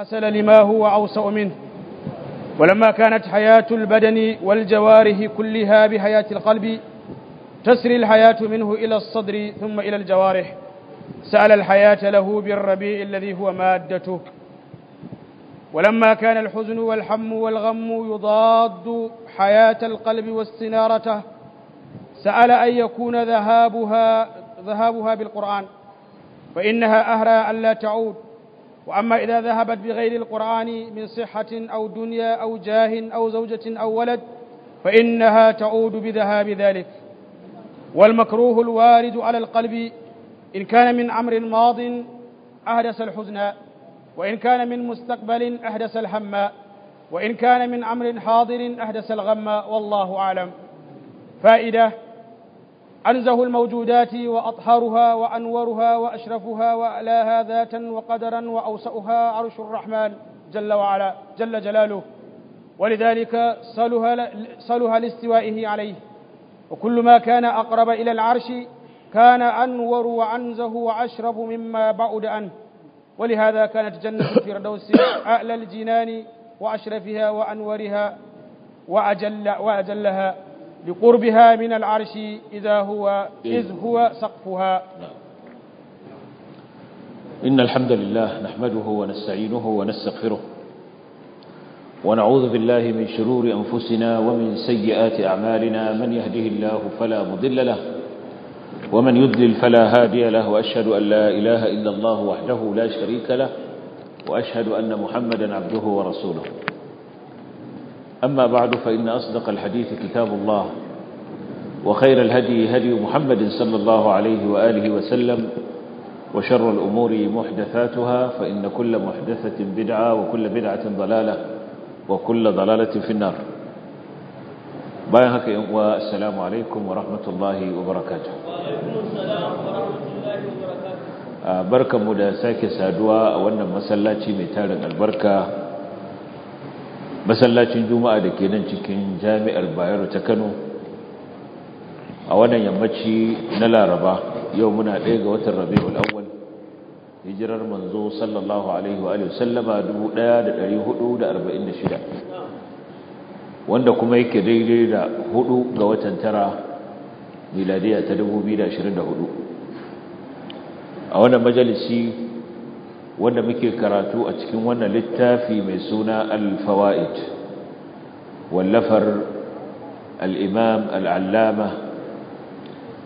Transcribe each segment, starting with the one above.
حصل لما هو أوسع منه ولما كانت حياة البدن والجوارح كلها بحياة القلب تسري الحياة منه إلى الصدر ثم إلى الجوارح سأل الحياة له بالربيع الذي هو مادته ولما كان الحزن والحم والغم يضاد حياة القلب واستنارته سأل أن يكون ذهابها ذهابها بالقرآن فإنها أهرى ألا تعود وأما إذا ذهبت بغير القرآن من صحة أو دنيا أو جاه أو زوجة أو ولد فإنها تعود بذهاب ذلك والمكروه الوارد على القلب إن كان من أمر ماض أهدس الحزن وإن كان من مستقبل أهدس الهم وإن كان من أمر حاضر أهدس الغم والله أعلم فائدة أنزه الموجودات وأطهرها وأنورها وأشرفها وألاها ذاتا وقدرا وأوسأها عرش الرحمن جل وعلا جل جلاله ولذلك صلها, صلها لاستوائه عليه وكل ما كان أقرب إلى العرش كان أنور وأنزه وأشرف مما بعد عنه ولهذا كانت جنة الفردوس أعلى الجنان وأشرفها وأنورها وأجل وأجلها لقربها من العرش إذا هو إيه. إذ هو سقفها نعم. إن الحمد لله نحمده ونستعينه ونستغفره ونعوذ بالله من شرور أنفسنا ومن سيئات أعمالنا من يهده الله فلا مضل له ومن يضلل فلا هادي له وأشهد أن لا إله إلا الله وحده لا شريك له وأشهد أن محمدا عبده ورسوله أما بعد فإن أصدق الحديث كتاب الله وخير الهدي هدي محمد صلى الله عليه وآله وسلم وشر الأمور محدثاتها فإن كل محدثة بدعة وكل بدعة ضلالة وكل ضلالة في النار بايهك والسلام عليكم ورحمة الله وبركاته barkanmu da sake saduwa a wannan masallaci mai tarin البركة masallacin juma'a da ke nan cikin jami'ar bayero ta kano a wannan yammaci na laraba yau muna ɗaya ga watan rabe awwal hijirar manzo sallallahu alaihi wa sallama 1446 wanda kuma yake daidai da hudu ga watan tara miladiya ta 2024 a wannan majalisi wanda muke karatu a cikin wannan littafi mai suna al-fawaid wallafar al-imam al-allama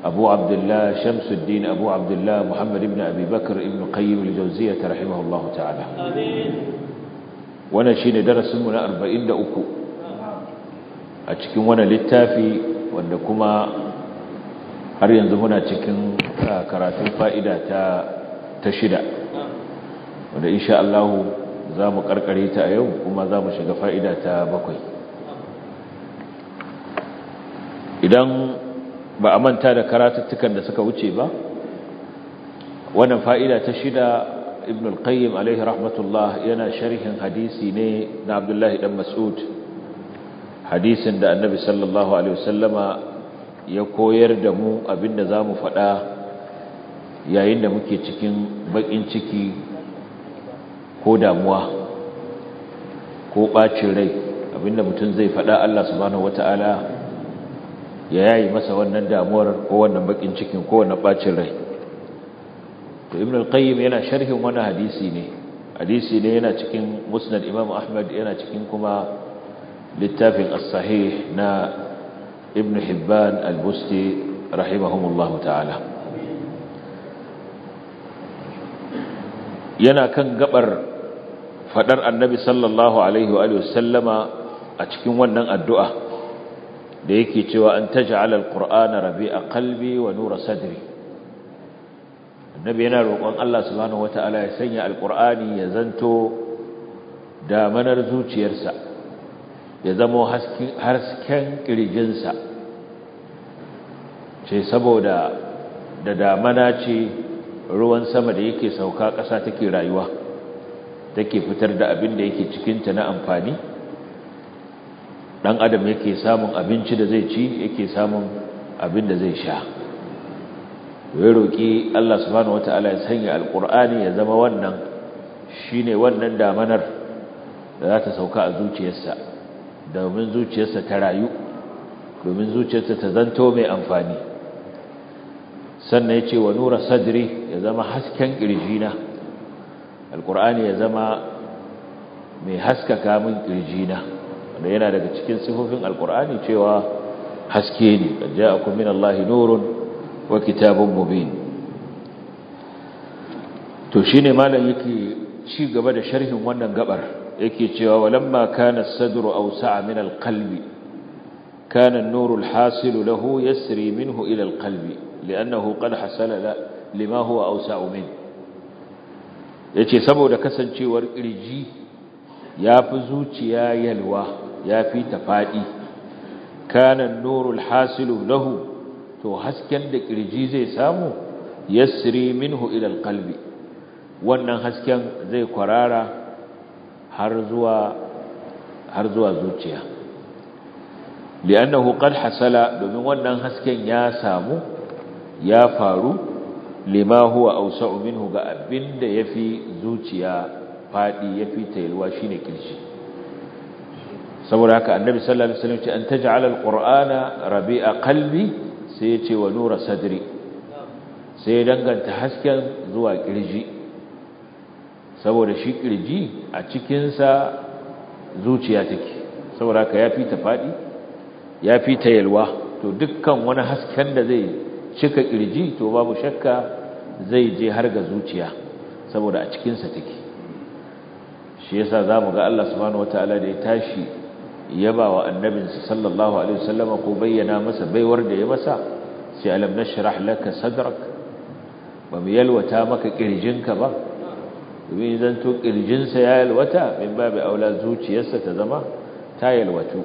abu abdullah shamsuddin abu abdullah muhammad ibn abi bakr ibn qayyim al-jawziyyah rahimahullah ta'ala amin wannan shine darasin mu na 43 a cikin wannan littafi wanda kuma har yanzu muna cikin ah, karatun fa'ida ta ta shida wanda insha Allah za mu karkare ta a yau kuma za mu shiga fa'ida ta bakwai idan ba a manta da karatuttukan da suka wuce ba wannan fa'ida ta shida ibn al-qayyim alaihi rahmatullah yana sharhin hadisi ne na abdullahi dan mas'ud hadisin da annabi sallallahu alaihi wasallama ya koyar da mu abinda za mu faɗa yayin da muke cikin baƙin ciki ko damuwa ko ɓacin rai abinda mutum zai faɗa Allah subhanahu wata'ala ya yayi masa wannan damuwar ko wannan bakin cikin ko wannan ɓacin rai to ibn al-qayyim yana sharhin wani hadisi ne hadisi ne yana cikin musnad imam ahmad yana cikin kuma littafin as-sahih na ibn hibban al-busti rahimahumullah ta'ala yana kan gabar fadar annabi sallallahu alaihi wa sallama a cikin wannan addu'a da yake cewa an taj'ala alqur'ana rabi'a qalbi wa nura sadri annabi yana roƙon Allah subhanahu wataala ya sanya alqur'ani ya zanto da manar zuciyarsa ya zamo hasken kirjinsa ce saboda da damana ce ruwan sama da yake sauka ƙasa take rayuwa take fitar da abin da yake cikinta na amfani dan adam yake samun abinci da zai ci yake samun abin da zai sha Wai roki Allah subhanahu wataala ya sanya alqur'ani ya zama wannan shine wannan damanar da za ta sauka a zuciyarsa domin zuciyarsa ta rayu domin zuciyarsa ta zanto mai amfani sannan ya ce wa nura sadri ya zama hasken ƙirjina القرآن يا زما مي مهسك كامل الجينة لأن هذا كتير صفوف القرآن يشوا حسكين قد جاءكم من الله نور وكتاب مبين توشيني مالا يكي شي قبل شره موانا قبر يكي شوا ولما كان الصدر أوسع من القلب كان النور الحاصل له يسري منه إلى القلب لأنه قد حصل لما هو أوسع منه ya ce saboda kasancewar ƙirji ya fi zuciya yalwa ya fi ta faɗi kanan nurul hasilu lahu to hasken da ƙirji zai samu ya siri minhu ilal kalbi wannan hasken zai kwarara har zuwa zuciya li'annahu qad hasala domin wannan hasken ya samu ya faru lima huwa awsa'u minhu ga abinda yafi zuciya fadi yafi tayalwa shine kirshi saboda haka annabi sallallahu alaihi wasallam ce an taj'al alqur'ana rabi'a qalbi sai ya ce wa nura sadri sai ya danganta hasken zuwa kirji saboda shi kirji a cikin sa zuciya take saboda haka yafi ta fadi yafi ta yalwa to dukkan wani hasken da zai cika kirji to babu shakka zai je har ga zuciya saboda a cikinsa take shi yasa zamu ga Allah subhanahu wataala da ya tashi yaba wa annabinsa sallallahu alaihi wasallam ko bayyana masa baiwar da ya masa sai alam nashrah laka sadrak ba mu yalwata maka kirjinka ba domin zan to kirjinsa ya yalwata min babu aula zuciyarsa ta zama ta yalwatu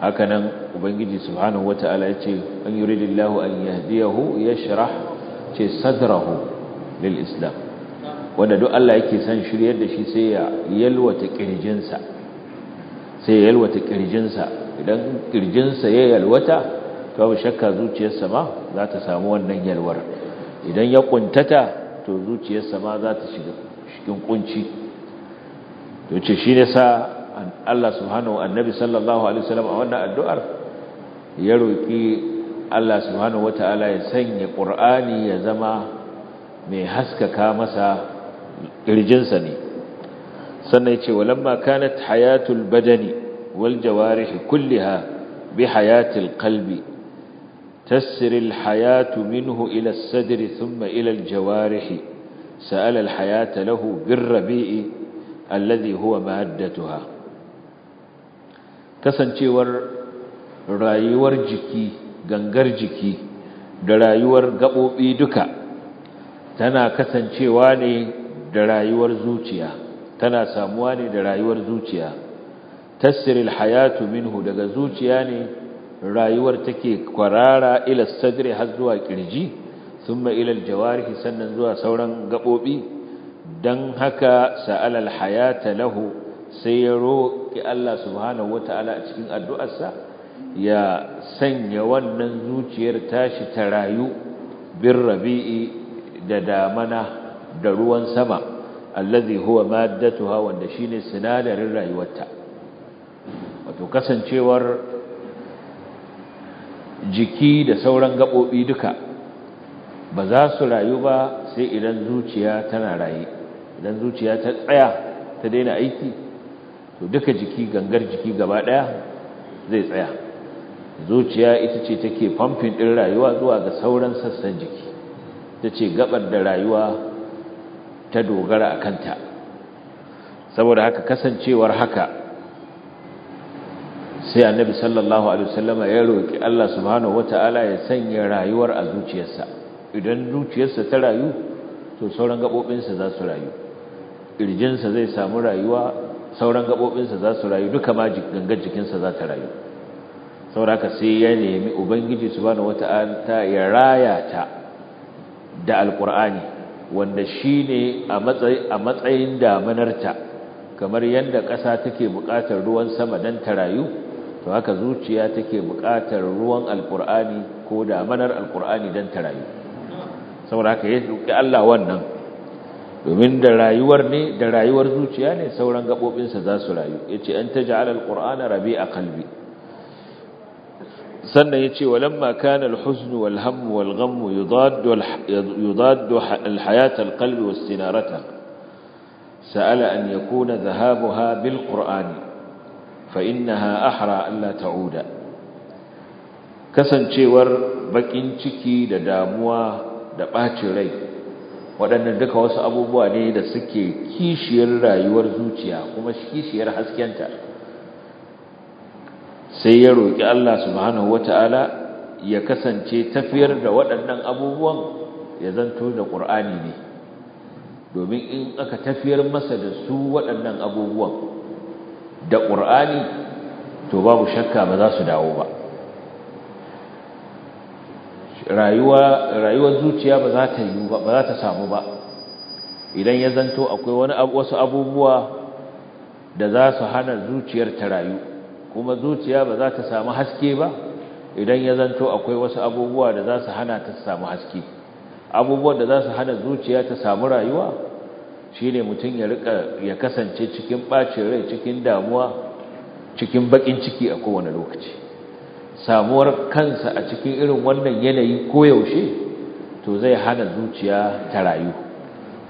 hakanan ubangiji subhanahu wata'ala ya ce an yuridillahu an yahdiyahu yashrah ce sadrahu lil islam wanda duk Allah yake san shiryar da shi sai ya yalwata kirjinsa sai ya yalwata kirjinsa idan kirjinsa ya yalwata to ba shakka zuciyarsa ma za ta samu wannan yalwar idan ya kuntata to zuciyarsa ma za ta shiga cikin kunci to ce shi ne sa Allah subhanahu annabi sallallahu alaihi wasallam a wannan addu'ar ya roki Allah subhanahu wataala ya sanya Qur'ani ya zama mai haskaka masa ƙirjinsa ne sannan yace walamma kanat hayatul badani wal jawarih kulliha bi hayatil qalbi tasri hayatu minhu ila as ilal thumma ila hayata lahu bir rabi'i alladhi huwa maddatuha kasancewar rayuwar jiki gangar jiki da rayuwar gaɓoɓi duka tana kasancewa ne da rayuwar zuciya tana samuwa ne da rayuwar zuciya tasiril hayatu minhu daga zuciya ne rayuwar take kwarara ila sadri har zuwa kirji thumma ila jawarhi, sannan zuwa sauran gaɓoɓi dan haka sa'alal hayata lahu sai ya roƙi Allah subhanahu wa ta'ala a cikin addu'arsa ya sanya wannan zuciyar tashi ta rayu bin rabi'i da damana da ruwan sama allazi huwa maddatuha wanda shine sinadarin rayuwarta wato kasancewar jiki da sauran gaɓoɓi duka ba za su rayu ba sai idan zuciya tana raye idan zuciya ta tsaya ta daina aiki to duka jiki gangar jiki gaba daya zai tsaya zuciya ita ce take famfin din rayuwa zuwa ga sauran sassan jiki ce gabar da rayuwa ta dogara a kanta saboda haka kasancewar haka sai annabi sallallahu alaihi wasallama ya roki Allah subhanahu wataala ya sanya rayuwar a zuciyarsa idan zuciyarsa ta rayu to sauran gabobinsa za su rayu Ƙirjinsa zai samu rayuwa sauran gaɓoɓinsa za su rayu duka ma gangar jikinsa za ta rayu sauraka sai ya nemi ubangiji wata ta ya raya ta da alkur'ani wanda shi ne a matsayin damanarta kamar yadda ƙasa take buƙatar ruwan sama dan ta rayu to haka zuciya take buƙatar ruwan alkur'ani ko damanar alkur'ani dan ta rayu sauraka ya roki Allah wannan ومن دلائي ورني دلائي ورزوش يعني سولان قبو بن سزاسو لايو يتي أن تجعل القرآن ربيع قلبي سنة يتي ولما كان الحزن والهم والغم يضاد, يضاد الحياة القلب واستنارتها سأل أن يكون ذهابها بالقرآن فإنها أحرى ألا تعود كسن تي ور بكين تكي دداموا دباتي ليه waɗannan duka wasu abubuwa ne da suke kishiyar rayuwar zuciya kuma kishiyar haskenta sai ya roƙi Allah subhanahu wata'ala ya kasance tafiyar da waɗannan abubuwan ya zanto da ƙur'ani ne domin in aka tafiyar masa da su waɗannan abubuwan da ƙur'ani to babu shakka ba za su dawo ba rayuwa rayuwar zuciya ba za ta yi ba za ta samu ba idan ya zanto akwai wani wasu abubuwa da za su hana zuciyar ta rayu kuma zuciya ba za ta samu haske ba idan ya zanto akwai wasu abubuwa da za su hana ta samu haske abubuwan da za su hana zuciya ta samu rayuwa shine mutum ya rika ya kasance cikin ɓacin rai cikin damuwa cikin baƙin ciki a kowane lokaci samuwar kansa a cikin irin wannan yanayi koyaushe to zai hana zuciya ta rayu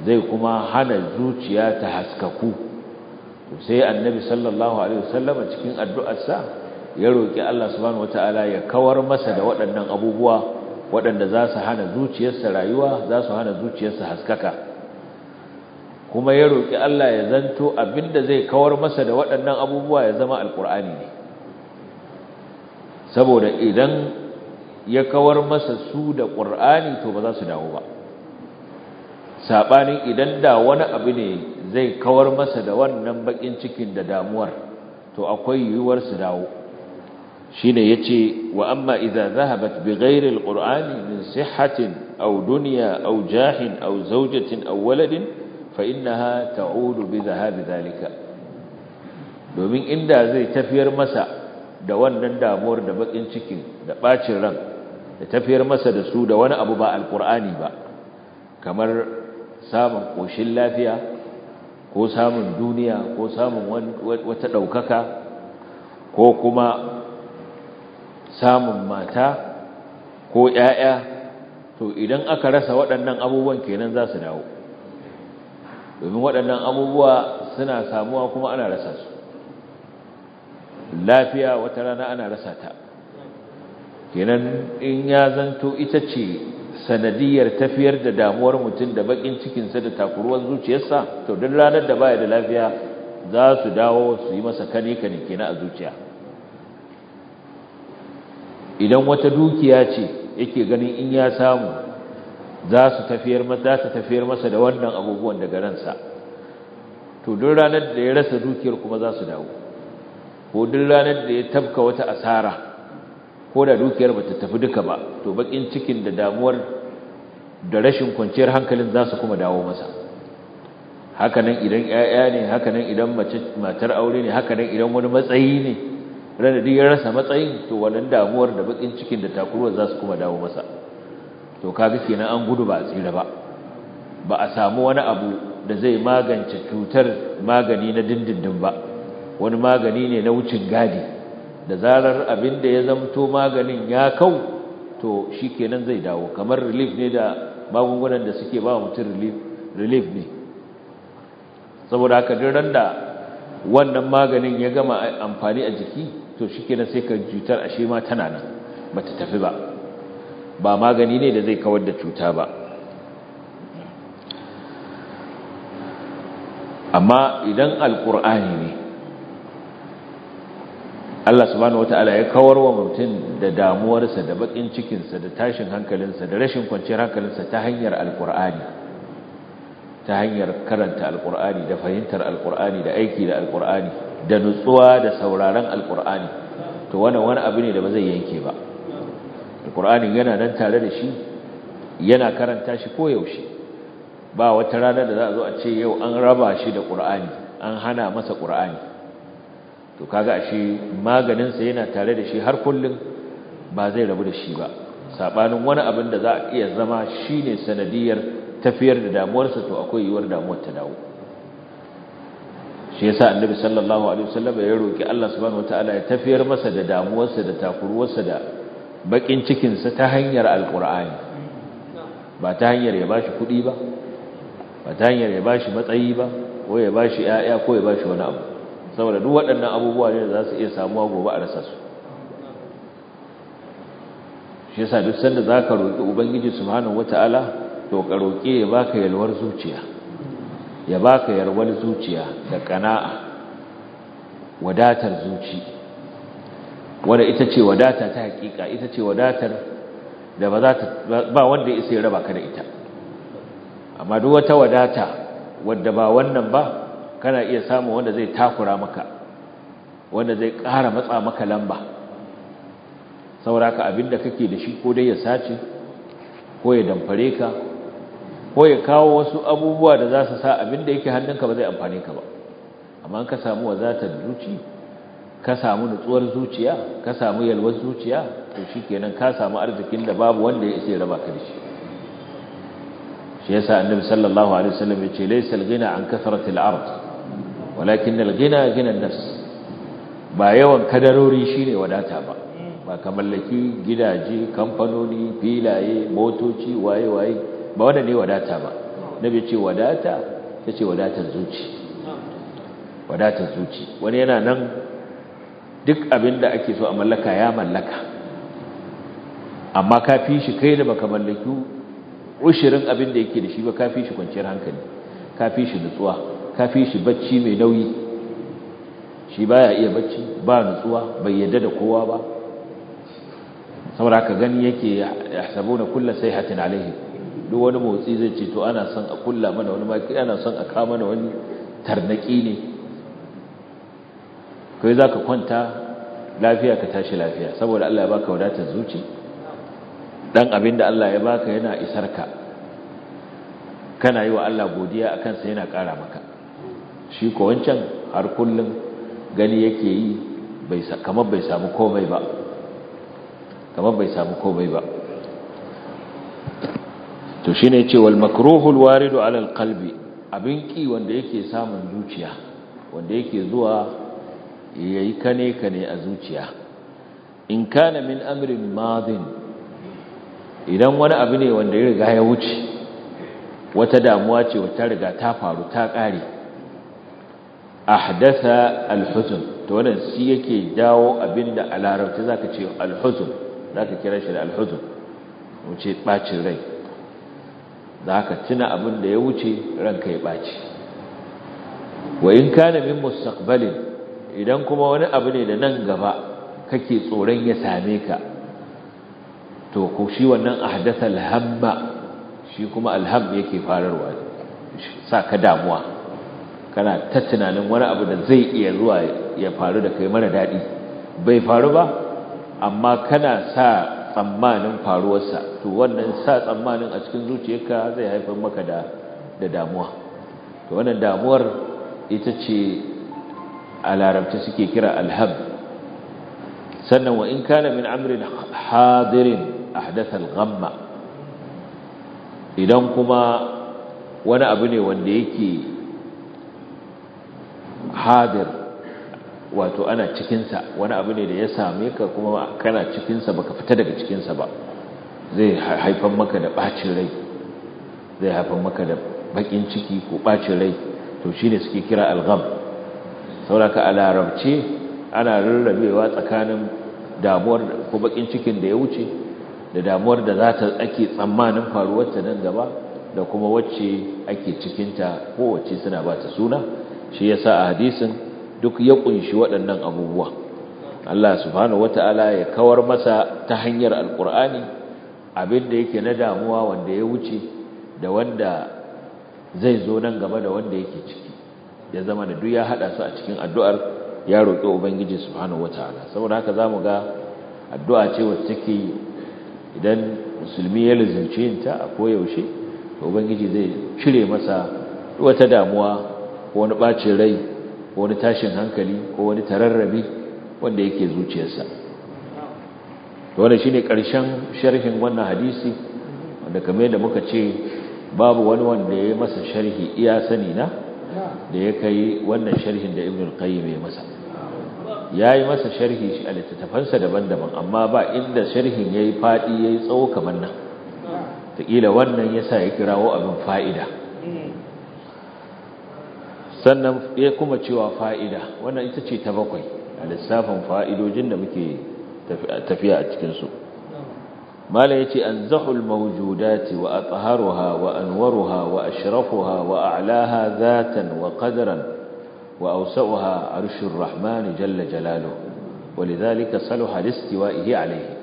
zai kuma hana zuciya ta haskaku to sai annabi sallallahu alaihi wasallam cikin addu'arsa ya roki Allah subhanahu wataala ya kawar masa da waɗannan abubuwa waɗanda za su hana zuciyarsa rayuwa za su hana zuciyarsa haskaka kuma ya roki Allah ya zanto abinda zai kawar masa da waɗannan abubuwa ya zama alqur'ani ne saboda idan ya kawar masa su da ƙur'ani to ba za su dawo ba saɓanin idan da wani abu ne zai kawar masa da wannan baƙin cikin da damuwar to akwai yiwuwar su dawo shi ne ya ce wa amma idan zahabat bi ghairil ƙur'ani min sihatin au duniya au jahin au zaujatin au waladin fa innaha ta'udu bi zahabi zalika domin inda zai tafiyar masa da wannan damuwar da bakin cikin da bacin ran da tafiyar masa da su da wani abu ba alkur'ani ba kamar samun koshin lafiya ko samun duniya ko samun wata daukaka ko kuma samun mata ko 'ya'ya. to idan aka rasa waɗannan abubuwan kenan za su dawo domin waɗannan abubuwa suna samuwa kuma ana rasa su lafiya wata rana ana rasa ta kenan in ya zanto ita ce sanadiyar tafiyar da damuwar mutum da bakin cikinsa da takuruwar zuciyarsa to duk ranar da baya da lafiya za su dawo su yi masa kane kane kenan a zuciya idan wata dukiya ce yake ganin in ya samu za su tafiyar masa ta tafiyar masa da wannan abubuwan daga ransa to duk ranar da ya rasa dukiyar kuma za su dawo ko duk ranar da ya tafka wata asara ko da dukiyar ba ta tafi duka ba to bakin cikin da damuwar da rashin kwanciyar hankalin za su kuma dawo masa hakanan idan 'ya'ya ne hakanan idan matar aure ne hakanan idan wani matsayi ne ranar da ya rasa matsayin to wannan damuwar da bakin cikin da takuruwa za su kuma dawo masa to kaga kenan an gudu ba a tsira ba ba a samu wani abu da zai magance cutar magani na dindindin ba wani magani ne na wucin gadi da zarar abin da ya zamto maganin ya kau to shi kenan zai dawo kamar relief ne da magungunan da suke ba mutum relief ne saboda haka duk da wannan maganin ya gama amfani a jiki to shi kenan sai ka cutar ashe ma tana nan bata tafi ba ba magani ne da zai kawar da cuta ba amma idan alkur'ani ne Allah subhanahu wata'ala ya kawar wa mutum da damuwarsa da bakin cikinsa da tashin hankalinsa da rashin kwanciyar hankalinsa ta hanyar alkur'ani ta hanyar karanta alkur'ani da fahimtar alkur'ani da aiki da alkur'ani da nutsuwa da sauraron alkur'ani to wannan wani abu ne da ba zai yanke ba alkur'anin yana nan tare da shi yana karanta shi ko yaushe, ba wata rana da za a zo a ce yau an raba shi da ƙur'ani an hana masa ƙur'ani to kaga ashe maganin sa yana tare da shi har kullun ba zai rabu da shi ba sabanin wani abin da za a iya zama shine sanadiyar tafiyar da damuwarsa to akwai yiwuwar damuwar ta dawo shi yasa annabi sallallahu alaihi wasallam ya roki Allah subhanahu wataala ya tafiyar masa da damuwarsa da sa da bakin cikin sa ta hanyar alqur'ani ba ta hanyar ya bashi kuɗi ba ba ta hanyar ya bashi matsayi ba ko ya bashi ƴaƴa ko ya bashi wani abu saboda duk waɗannan abubuwa ne za su iya samuwa gobe a rasa su shi yasa duk sanda za ka roƙi ubangiji subhanahu wata'ala to ka roƙe ya baka yalwar zuciya ya ka yalwar zuciya da ƙana'a wadatar zuci wadda ita ce wadata ta hakika ita ce wadatar da ba za ta ba wanda ya isa ya raba ka da ita amma duk wata wadata wadda ba wannan ba kana iya samu wanda zai takura maka wanda zai ƙara matsa maka lamba Saura ka abinda kake da shi ko dai ya sace ko ya damfare ka ko ya kawo wasu abubuwa da za su sa abinda yake hannunka ba zai amfane ka ba amma ka samu wazatar zuci ka samu nutsuwar zuciya ka samu yalwar zuciya to shikenan ka samu arzikin da babu wanda ya isa ya raba ka da shi shi yasa annabi sallallahu alaihi wasallam ya ce al ghina an kathratil ard walakin al-ghina ghina ghina an ba yawan kadarori shine wadata ba ba ka mallaki gidaje kamfanoni filaye motoci waye waye ba wanda ne wadata ba nabi ce wadata ta ce wadatar zuci wadatar zuci wani yana nan duk abin da ake so a mallaka ya mallaka amma ka fi shi kai da baka mallaki ushirin abin da yake da shi ba ka fi shi kwanciyar hankali ka fi shi nutsuwa ka fi shi bacci mai nauyi shi baya iya bacci ba nutsuwa bai yadda da kowa ba saboda ka gani yake kulla sai sai alaihi duk wani motsi zai ce to ana son a kulla mana wani maki ana son a kama mana wani tarnaki ne kai za ka kwanta lafiya ka tashi lafiya saboda Allah ya baka wadatar zuci dan abin da Allah ya baka yana isarka kana yi wa Allah godiya akan sa yana kara maka shi ko wancan har kullum gani yake yi kamar bai samu komai ba kamar bai samu komai ba to shine yace wal makruhul waridu alal kalbi abin ki wanda yake samun zuciya wanda yake zuwa ya kane kane a zuciya in kana min amrin madin idan wani abu ne wanda ya riga ya wuce wata damuwa ce wata riga ta faru ta ƙare ahdatha alhuzn to wannan shi yake dawo abinda a larabci zaka ce alhuzn zaka kira shi da alhuzn mu ce bacin rai zaka tuna abinda ya wuce ranka ya baci wa in kana min mustaqbalin idan kuma wani abu ne da nan gaba kake tsoron ya same ka to ko shi wannan ahdatha alhamma shi kuma alham yake fararwa sa ka damuwa kana ta tunanin wani abu da zai iya zuwa ya faru da kai mara daɗi bai faru ba amma kana sa tsammanin faruwarsa to wannan sa tsammanin a cikin zuciyarka zai haifar maka da da damuwa to wannan damuwar ita ce a larabta suke kira alham sannan wa in kana min amrin hadirin ahdatha alghamma idan kuma wani abu ne wanda yake hadir wato ana cikinsa wani abu ne da ya same ka kuma kana cikinsa baka fita daga cikinsa ba zai haifan maka da ɓacin rai zai haifan maka da baƙin ciki ko ɓacin rai to shine suke kira algham sauraka a larabce ana rarrabewa tsakanin damuwar ko baƙin cikin da ya wuce da damuwar da za ta ake tsammanin faruwarta nan gaba da kuma wacce ake cikinta kowace suna ba ta suna shi ya sa a hadisin duk ya kunshi waɗannan abubuwa Allah subhanahu wataala ya kawar masa ta hanyar alkur'ani abinda yake na damuwa wanda ya wuce da wanda zai zo nan gaba da wanda yake ciki ya zama da duk ya haɗa su a cikin addu'ar ya roƙi ubangiji subhanahu wataala saboda haka zamu ga addu'a ce wacce take idan musulmi ya lazimci ta a koyaushe ubangiji zai cire masa wata damuwa ko wani ɓacin rai ko wani tashin hankali ko wani tararrabi wanda yake zuciyarsa wannan shine ƙarshen sharhin wannan hadisi wanda kamar yadda muka ce babu wani wanda ya masa sharhi iya sani na da ya kai wannan sharhin da ibn al-qayyim ya masa yayi masa sharhi shi a littattafansa daban-daban amma ba inda sharhin yayi fadi yayi tsawo kamar nan ta wannan wannan yasa ya kirawo abin fa'ida sannan ya kuma cewa fa'ida wannan ita ce ta bakwai a lissafin fa'idojin da muke tafiya a cikin su ya yace anzahul mawjudati wa atharuha wa anwaruha wa ashrafuha wa a'laha zatan wa qadran wa awsa'uha arshur rahman jalla jalaluhu ولذلك صلح لاستوائه alayhi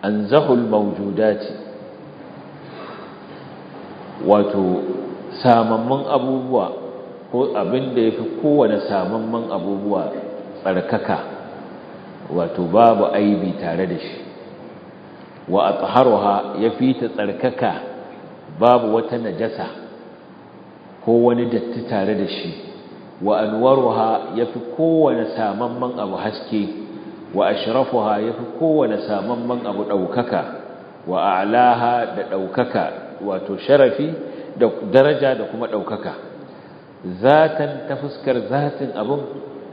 anzahul mawjudati wato samamman abubuwa ko abin da ya fi kowane samanman abubuwa tsarkaka wato babu aibi tare da shi wa a tsaharuwa ya fi ta tsarkaka babu wata najasa ko wani datti tare da shi wa anwaruha ya fi kowane samanman abu haske wa ashrafuha ya fi kowane samanman abu ɗaukaka wa a'laha da ɗaukaka wato sharafi da daraja da kuma ɗaukaka zatan ta fuskar zatin abin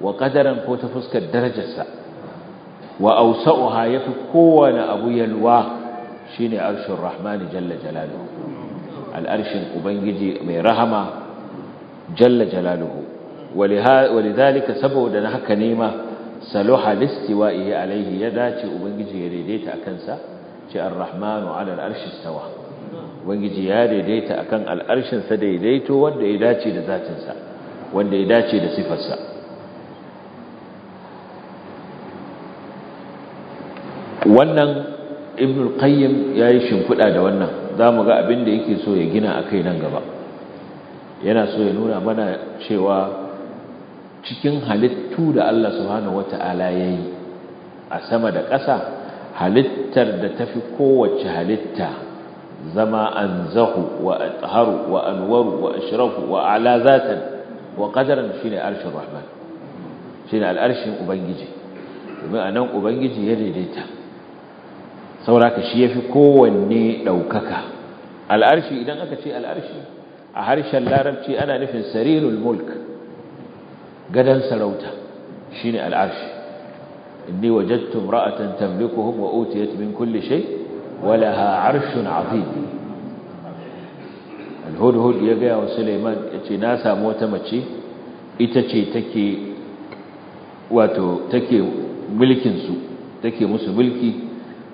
wa ƙadaran ko ta fuskar darajarsa wa ya yafi kowane abu yalwa shine arshin rahman jalla jalaluhu al'arshin ubangiji mai rahama jalla jalaluhu zalika saboda na haka nema wa iya alaihi ya dace ubangiji ya daidaita akansa ce ar-rahmanu 'ala ubangiji ya daidaita akan al'arshinsa daidaito wanda ya dace da zatinsa wanda ya dace da sifarsa wannan ibn al-qayyim yi shimfiɗa da wannan za mu ga abin da yake so ya gina a kai nan gaba yana so ya nuna mana cewa cikin halittu da Allah suhana wata'ala yayi a sama da ƙasa halittar da tafi kowace halitta zama anzahu wa atharu wa anwaru wa ashrafu wa a'la zatan wa qadaran shine arshur rahman shine al'arshin ubangiji domin anan ubangiji ya daidaita sauraka shi yafi kowanne daukaka al'arshi idan aka ce al'arshi a harshen larabci ana nufin sarirul mulk gadan sarauta shine al'arshi inni wajadtu imra'atan tamlikuhum wa utiyat min kulli shay' ولها عرش عظيم الهدهد ya gaya wa Suleiman yace na samu wata mace ita ce take wato take mulkin su take musu mulki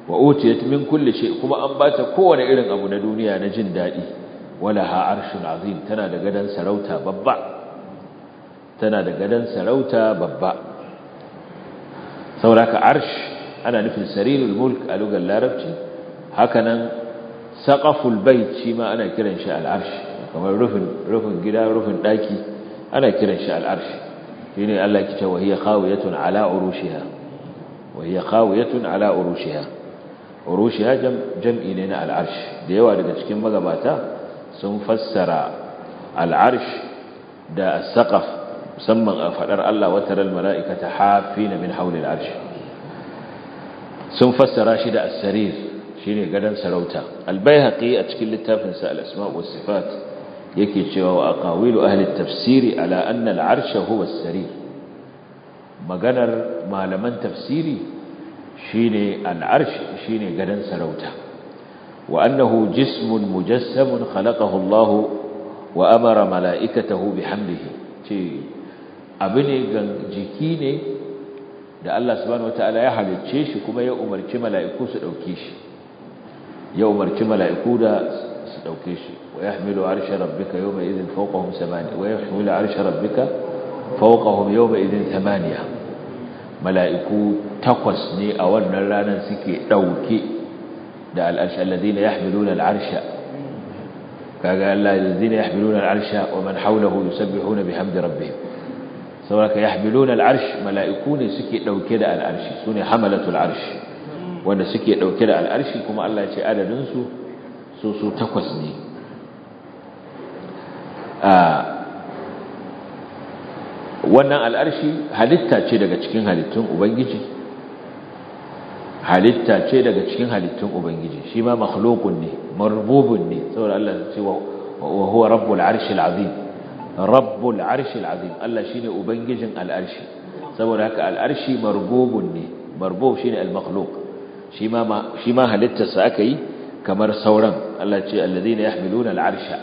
wa utiyat min kulli shay kuma an bata kowane irin abu na duniya na jin dadi walaha arshun azim tana da gadan sarauta babba tana da gadan sarauta babba saboda ka arsh ana nufin sarirul mulk a lugar larabci hakanan saqaful bai shi ma ana kiran shi al'arsh kamar rufin rufin gida rufin daki ana kiran shi al'arsh shine Allah yake cewa hiya khawiyatun ala urushiha wa hiya khawiyatun ala urushiha urushiha jam'i ne na al'arsh da yawa daga cikin magabata sun fassara al'arsh da as-saqaf musamman a fadar Allah wa taral mala'ikata hafina min hawli al'arsh sun fassara shi da as-sarir shine gadan sarauta albayhaqi a cikin littafin sa al-asma wa sifat yake cewa wa aqawilu ahli tafsiri ala anna al huwa as-sarir maganar malaman tafsiri shine al-arsh shine gadan sarauta wa annahu jismun mujassamun khalaqahu Allah wa amara mala'ikatahu bihamdihi ce abu ne jiki ne da Allah subhanahu wataala ya halicce shi kuma ya umarci mala'iku su dauke shi ya umarci mala'iku da su dauke shi wa yahmilu arsha rabbika yawma idhin fawqahum samaniya wa yahmilu arsha rabbika fawqahum yawma idhin samaniya mala'iku takwas ne a wannan ranar suke dauke da al'arsh alladhina yahmiluna al'arsha kaga alladhina yahmiluna al'arsha wa man hawlahu yusabbihuna bihamdi rabbihim saboda yahmiluna al'arsh mala'iku ne suke dauke da al'arshi sune hamalatul arsh wanda suke dauke da al'arshi kuma Allah ya ce adadin su su su takwas ne wannan al'arshi halitta ce daga cikin halittun ubangiji halitta ce daga cikin halittun ubangiji shi ma makhluqun ne marbubun ne saboda Allah ya ce wa huwa rabbul arshil azim rabbul arshil azim Allah shine ubangijin al'arshi saboda haka al'arshi marbubun ne marbub shine al-makhluq shi ma halittarsa aka yi kamar sauran Allah ce allazina na al'arsha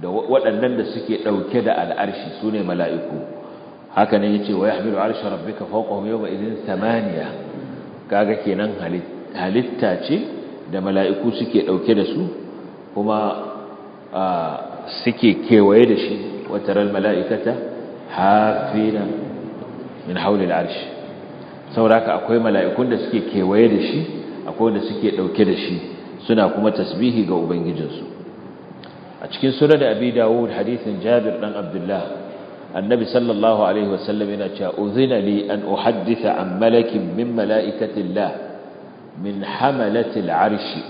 da waɗannan da suke ɗauke da al'arshi sune mala'iku haka ne yace wa yahmilu arsha rabbika fawqahum yawma samaniya. thamaniya kaga kenan halitta ce da mala'iku suke ɗauke da su kuma suke kewaye da shi wata taral mala'ikata hafina min hawli al'arshi sauraka akwai mala'ikun da suke kewaye da shi akwai wanda suke ɗauke da shi suna kuma tasbihi ga ubangijinsu a cikin sura da abi dawud hadisin jabir ɗan abdullah annabi sallallahu alaihi wasallam yana cewa uzina li an uhaddisa an malakin min mala'ikatillah min hamalatil arshi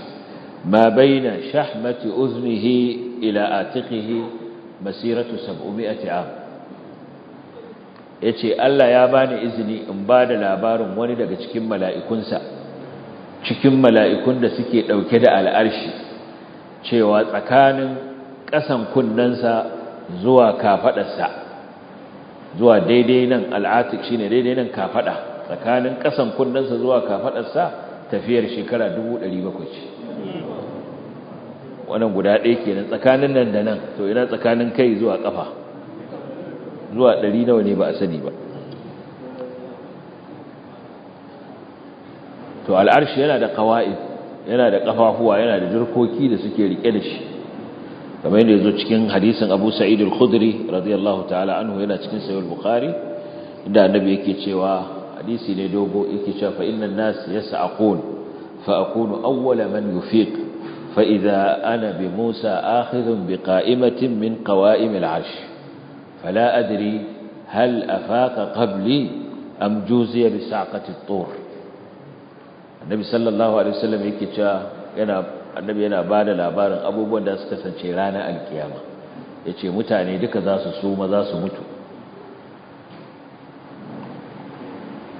ma baina shahmati uzmihi ila atiqihi masiratu 700 am ya ce Allah ya bani izini in ba da labarin wani daga cikin mala'ikunsa cikin mala'ikun da suke ɗauke da al'arshi cewa tsakanin ƙasan kunnensa zuwa kafaɗarsa zuwa daidai nan al'atik shi ne daidai nan kafaɗa tsakanin ƙasan kunnensa zuwa kafaɗarsa tafiyar shekara 700 ce wannan guda ɗaya kenan tsakanin nan da nan to ina tsakanin kai zuwa ƙafa zuwa ɗari nawa ne ba a sani ba to al'arshi yana da kawa'id yana da kafafuwa yana da jirkoki da suke rike da shi kamar yadda yazo cikin hadisin Abu Sa'id al-Khudri radiyallahu ta'ala anhu yana cikin sayar al inda annabi yake cewa hadisi ne dogo yake cewa fa innan nas yas'aqun fa akunu awwala man yufiq fa idha ana bi Musa akhidhun bi qa'imatin min qawa'im al-'arsh فلا أدري هل أفاق قبلي أم جوزي بساقة الطور النبي صلى الله عليه وسلم أنا النبي أنا بعد الأبار أبو بند استفن شيرانا الكيامة يكي متعني دك ذاس سوم ذاس متو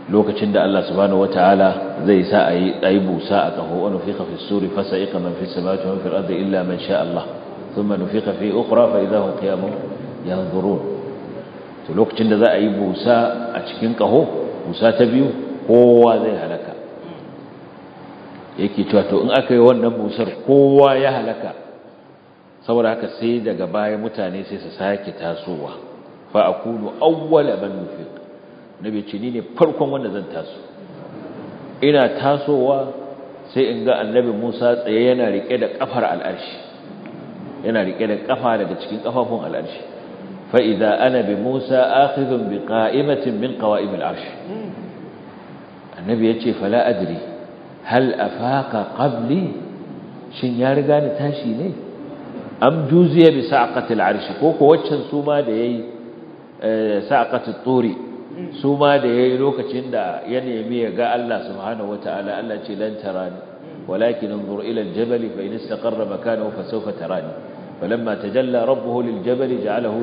لو كتشند الله سبحانه وتعالى زي ساء أيبو ساء كهو ونفيق في السور فسائق من في السماوات ومن في الأرض إلا من شاء الله ثم نفيق في أخرى فإذا هم قيامه yanzurun to lokacin da za a yi busa a cikin kaho busa ta biyu kowa zai halaka yake cewa to in aka yi wannan busar kowa ya halaka saboda haka sai daga baya mutane sai su sake tasowa fa akunu awwala man yufiq nabi ce ni ne farkon wanda zan taso ina tasowa sai in ga annabi Musa tsaye yana rike da kafar al'arshi yana rike da kafa daga cikin kafafun al'arshi فإذا أنا بموسى آخذ بقائمة من قوائم العرش النبي يتشي فلا Hal هل أفاق قبلي shin ya riga ni tashi ne am juziya bi saqatil arshi ko kowaccan waccan suma da yayi saqatit turi suma da yayi lokacin da ya nemi ya ga Allah subhanahu wataala Allah ce lan tarani walakin anzur ila aljabal fa in istaqarra makanahu fa sawfa tarani فلما تجلى ربه للجبل جعله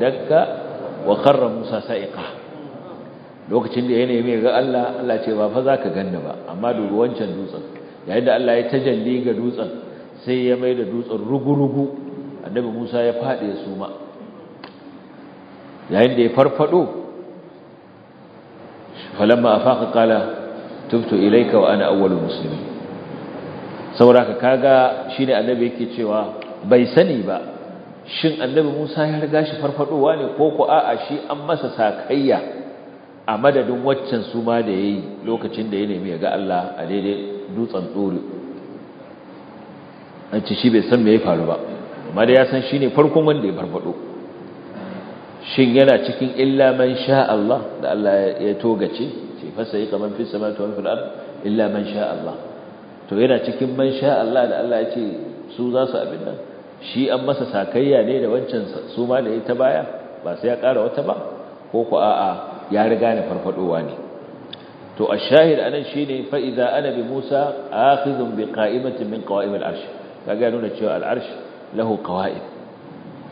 دكا وخر موسى سائقا lokacin da ya nemi ga Allah Allah ce ba fa ka ganna ba amma dubi wancan dutsen yayin da Allah ya tajalli ga dutsen sai ya mai da dutsen rugurugu annabi Musa ya fadi ya suma yayin da ya farfado falamma afaqa qala tubtu ilayka wa ana awwalul muslimin saboda kaga shine annabi yake cewa bai sani ba shin annabi Musa ya riga shi farfadowa ne ko ko a'a shi an masa sakayya a madadin waccan su ma da yayi lokacin da ya nemi ya ga Allah a daidai dutsen tsoro an ce shi bai san me ya faru ba amma da ya san shine farkon wanda ya farfado shin yana cikin illa man sha Allah da Allah ya togace ce 'Fa yi kaman fi samawati wa fil ard illa man sha Allah to yana cikin man sha Allah da Allah ya ce su za su abin nan shi an masa sakayya ne da wancan suma da ita baya ba sai ya ƙara wata ba ko ku a'a ya riga ni farfadowa ne to a anan shine fa idza ana bi Musa akhidhun bi qa'imatin min qawa'im al-arsh kaga nuna cewa al'arshi? laho lahu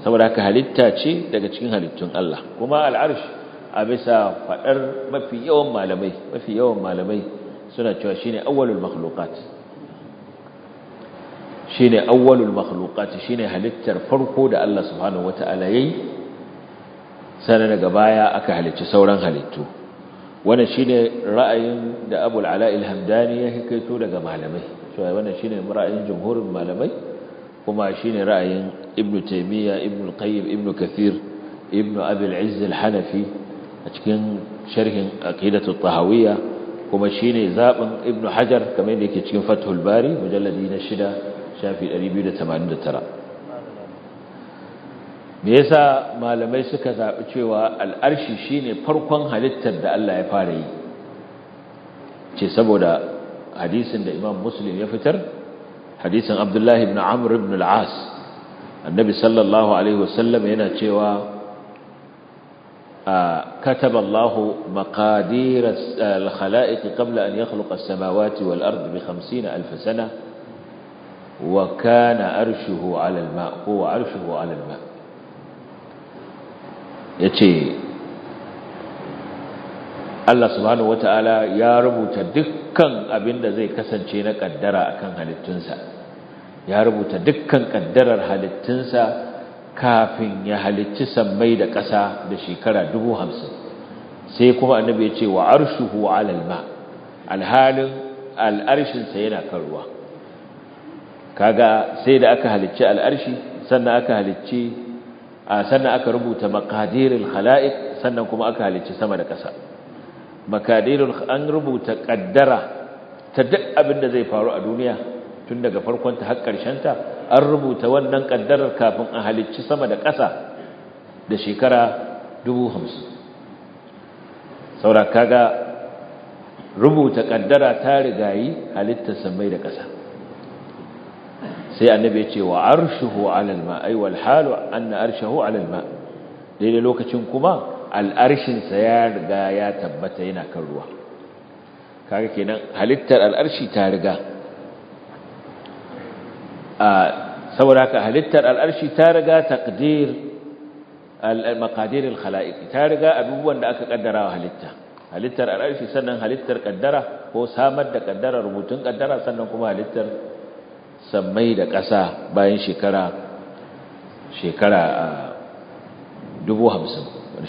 saboda haka halitta ce daga cikin halittun Allah kuma al'arshi a bisa faɗar mafi yawan malamai mafi yawan malamai suna cewa shine awwalul makhluqat shine awwalul makhluqati shine halittar farko da Allah subhanahu ya yi sana daga baya aka halicci sauran halittu wannan shine ra'ayin da abul al-Ala hamdani ya hikaito daga malamai cewa wannan shine ra'ayin jumhurin malamai kuma shine ra'ayin Ibn Taymiya, Ibn Qayyim Ibn Kathir Ibn Abi al-Izz al-Hanafi a cikin sharhin aqidatu tahawiyya kuma shine zaɓin Ibn Hajar kamar yadda yake cikin Fathul Bari mujalladi na shida. shafi 289 me yasa malamai suka zaɓi cewa al'arshi shine farkon halittar da Allah ya fara yi ce saboda hadisin da imam muslim ya fitar hadisin abdullahi ibn amr ibn al'as annabi sallallahu alaihi wasallam yana cewa كتب الله مقادير الخلائق قبل أن يخلق السماوات والأرض بخمسين ألف سنة wa kana arshuhu ala alma ko wa arshuhu ala alma yace Allah subhanahu wataala ya rubuta dukkan abin da zai kasance na kaddara akan halittunsa ya rubuta dukkan kaddarar halittunsa kafin ya halicci sammai da ƙasa da shekara dubu hamsin sai kuma annabi ya ce wa arshuhu ala alma alhalin al'arshinsa yana kan ruwa kaga sai da aka halicci al'arshi sannan aka halicci sannan aka rubuta maqadirul khalaiq sannan kuma aka halicci sama da ƙasa maqadirul an rubuta kaddara ta duk abin da zai faru a duniya tun daga farkon ta har ta an rubuta wannan kaddarar kafin a halicci sama da ƙasa da shekara 50 saboda kaga rubuta kaddara ta rigayi halittar samai da ƙasa sai annabi ya ce wa arshuhu alal ma ay wal halu anna arshuhu alal ma daidai lokacin kuma al'arshin sa ya riga ya tabbata yana kan ruwa kaga kenan halittar al'arshi ta riga a saboda haka halittar al'arshi ta riga taqdir al-maqadir al-khalaiq ta riga abubuwan da aka kaddara wa halitta halittar al'arshi sannan halittar kaddara ko samar da kaddara rubutun kaddara sannan kuma halittar sammai da ƙasa bayan shekara shekara dubu hamsin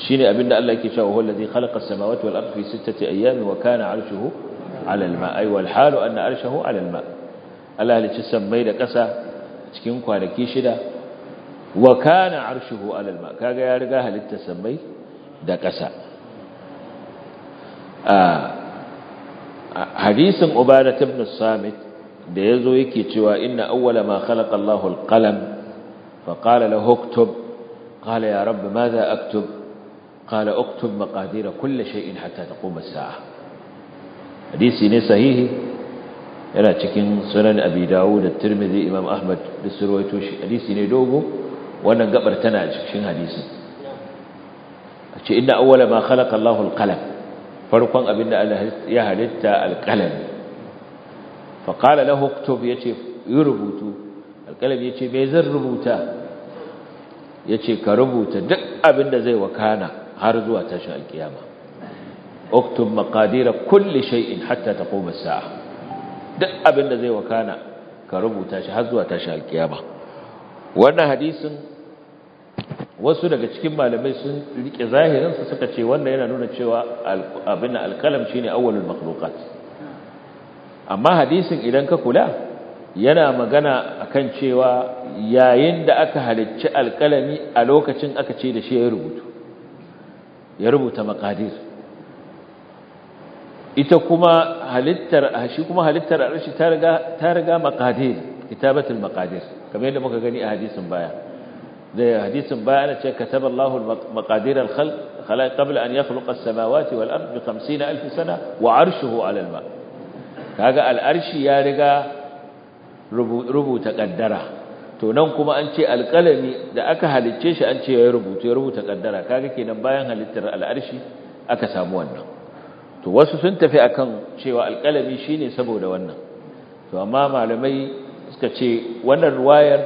shi ne abinda Allah ke cewa wahal ladhi khalaqa as-samawati wal ardi fi sittati ayyamin wa kana 'arshuhu 'ala al-ma' ay wal halu anna 'arshahu alalma. Allah halicci sammai da ƙasa cikin kwanaki shida wa kana 'arshuhu 'ala al kaga ya riga halitta sammai da ƙasa hadisin ubadah ibn samit da ya zo yake cewa inna awwala ma khalaqa Allahu al-qalam fa qala la uktub qala ya rabb madha aktub qala uktub maqadir kulli shay'in hatta taqum as-sa'a hadisi ne sahihi yana cikin sunan abi dawud da tirmidhi imam ahmad da surwayto shi hadisi ne dogo wannan gabar tana cikin hadisi. ce inna awwala ma khalaqa Allahu al-qalam farkon abinda Allah ya halitta al-qalam faƙala lahu uktub ya ce yi rubutu alƙalami ya ce mai zan rubuta ya ce ka rubuta duk abin da zai wakana har zuwa tashin alƙiyama uktub maƙadira kulli shay'in hatta ta koma sa'a duk ka rubuta shi har zuwa tashin wannan hadisin wasu daga cikin malamai sun rike zahirinsu suka ce wannan yana nuna cewa abin alkalam shine awwalul makhluqat amma hadisin idan ka kula yana magana akan cewa yayin da aka halicci alƙalami a lokacin aka ce da shi ya rubutu ya rubuta maƙadir. ita kuma halittar shi kuma halittar arshi ta riga ta riga maqadir kitabatul maqadir kamar yadda muka gani a hadisin baya da hadisin baya ana cewa kataballahu maqadir al-khalq qabla an yakhluqa as-samawati wal-ard bi 50000 sana wa arshuhu 'ala al-ma' kaga al'arshi ya riga rubuta kaddara to nan kuma an ce alƙalami da aka halicce shi an ce ya rubuta ya rubuta kaddara kaga kenan bayan halittar al'arshi aka samu wannan to wasu sun tafi akan cewa alƙalami shine saboda wannan to amma malamai suka ce wannan ruwayar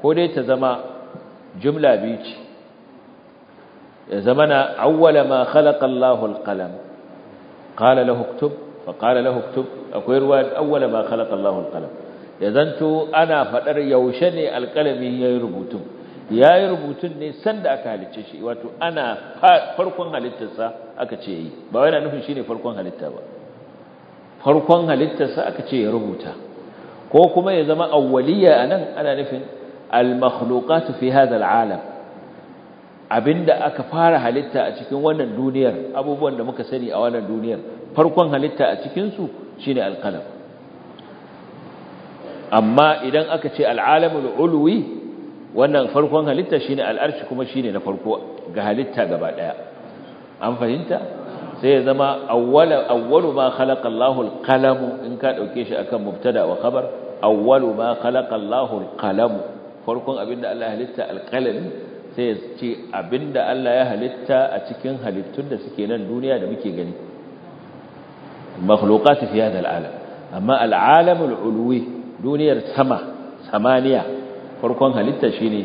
ko dai ta zama jumla biyu ce ya zama na awwala ma khalaqa Allahu al qala lahu Faƙara lahu akwai ruwa awwala ma khalaqa Allahu al-qalam ya zanto ana faɗar yaushe ne alƙalami yayi rubutu yayi rubutun ne sanda aka halicce shi wato ana farkon halittarsa aka ce yi ba wai na nufin shine farkon halitta ba farkon halittarsa aka ce ya rubuta ko kuma ya zama awwaliya anan ana nufin al-makhluqatu fi hadha al-alam abinda aka fara halitta a cikin wannan duniyar abubuwan da muka sani a wannan duniyar farkon halitta a cikinsu shine alqalam amma idan aka ce al'alamul ulwi wannan farkon halitta shine al'arshi kuma shine na farko ga halitta gaba ɗaya. an fahimta sai ya zama awwala awwalu ma khalaqa Allahu in ka ɗauke shi akan mubtada wa khabar awwalu ma khalaqa Allahu al farkon abinda Allah halitta al sai ya ce abinda Allah ya halitta a cikin halittun da suke nan duniya da muke gani makhluqat fi hadha al'alam amma al'alam al'ulwi duniyar sama samaniya farkon halitta shine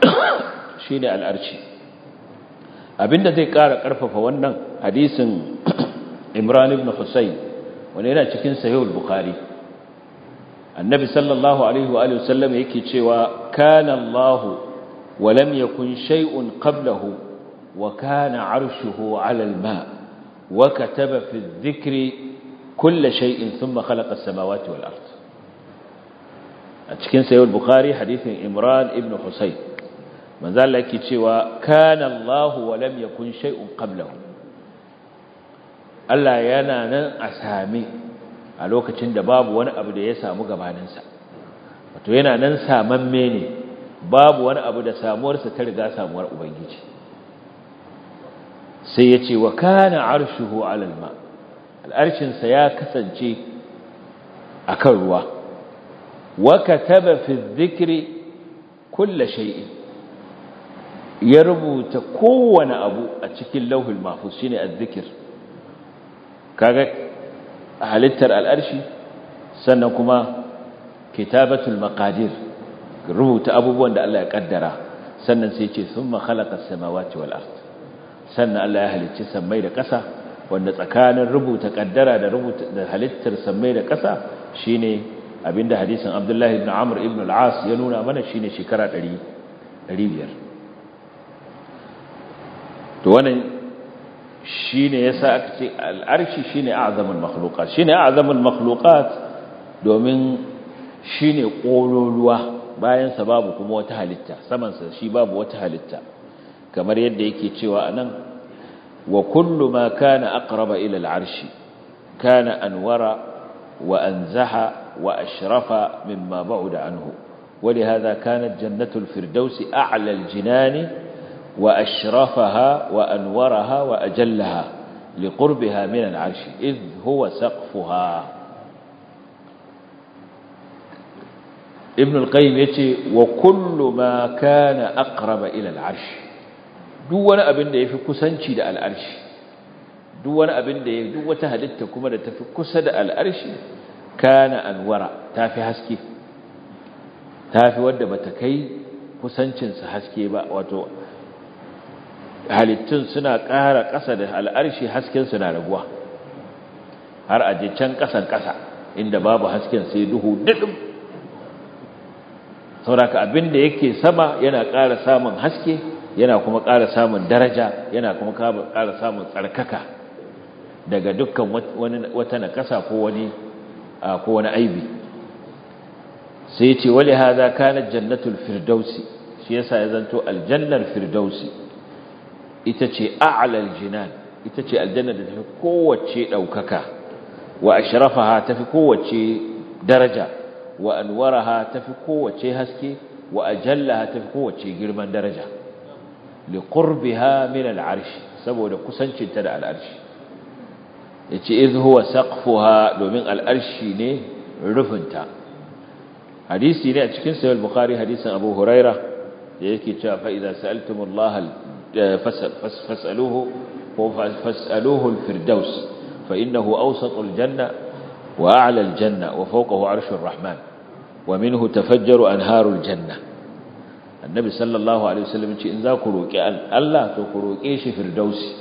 shine al'arshi abinda zai ƙara ƙarfafa wannan hadisin Imran ibn Husayn wanda yana cikin sahihul Bukhari annabi sallallahu alaihi wa alihi yake cewa kanallahu Allah wa lam yakun shay'un wa kana arshuhu 'ala ma wa kataba fi dhikri kull shay'in thumma khalaqa as-samawati wal a cikin sahih bukhari hadithin imran ibn husayn manzo Allah cewa kana Allah wa lam yakun shay'un qablahu Allah yana nan a same a lokacin da babu wani abu da ya samu gabaninsa wato yana nan samamme ne babu wani abu da samuwarsa ta riga samuwar ubangiji sai ya ce wa kana arshuhu alalma, al'arshinsa ya kasance akan ruwa wa kataba fi zikiri kulla shay'in ya rubuta kowane abu a cikin lauhul mahfuz shine azzikir kaga halittar al'arshi sannan kuma kitabatul maqadir rubuta abubuwan da Allah ya kaddara sannan sai ce sun khalaqa as-samawati wal sannan Allah ya halicci sammai da ƙasa wanda tsakanin rubuta kaddara da rubuta da halittar sammai da ƙasa shine abinda hadisin Abdullahi ibn Amr ibn al-As ya nuna mana shine shekara 500 to wannan shine yasa aka ce al-arshi shine a'zamul makhluqat shine a'zamul makhluqat domin shine kololuwa bayan sa babu kuma wata halitta saman sa shi babu wata halitta kamar yadda yake cewa anan wa kullu ma kana aqraba ila al'arshi kana anwara wa anzaha wa ashrafa mimma anhu ولهذا كانت جنة الفردوس أعلى الجنان وأشرفها وأنورها وأجلها لقربها من العرش إذ هو سقفها ابن القيم يتي وكل ما كان أقرب إلى العرش duk wani abin da yafi kusanci da al'arshi duk wani abin da yafi duk wata halitta kuma da tafi kusa da al'arshi kana anwara tafi haske tafi wanda bata kai kusancin sa haske ba wato halittun suna ƙara ƙasa da al'arshi hasken su na raguwa har a je can ƙasan ƙasa inda babu hasken sai duhu duɗin sauraka abin da yake sama yana ƙara samun haske yana kuma ƙara samun daraja yana kuma ƙara samun tsarkaka daga dukkan wata nakasa ko wani ko wani aibi sai ce wali hadha kan jannatul firdausi shi yasa ya zanto aljannar firdausi ita ce a'la jinan. ita ce aljannar da tafi kowace ɗaukaka. wa ta tafi kowace daraja wa ta tafi kowace haske wa ta tafi kowace girman daraja liqurbiha min al'arshi saboda kusancinta da al'arshi yace iz huwa saqfuha domin al'arshi ne rufinta hadisi ne a cikin sahih bukhari hadisin abu huraira da yake cewa fa idza sa'altumullaha eh, fas'aluhu fas'aluhu al-firdaus fa innahu awsatul janna wa a'la janna wa fawqahu 'arshur rahman wa minhu tafajjaru anharul janna annabi sallallahu alaihi wasallam ce in za ku roki Allah to ku roke shi firdausi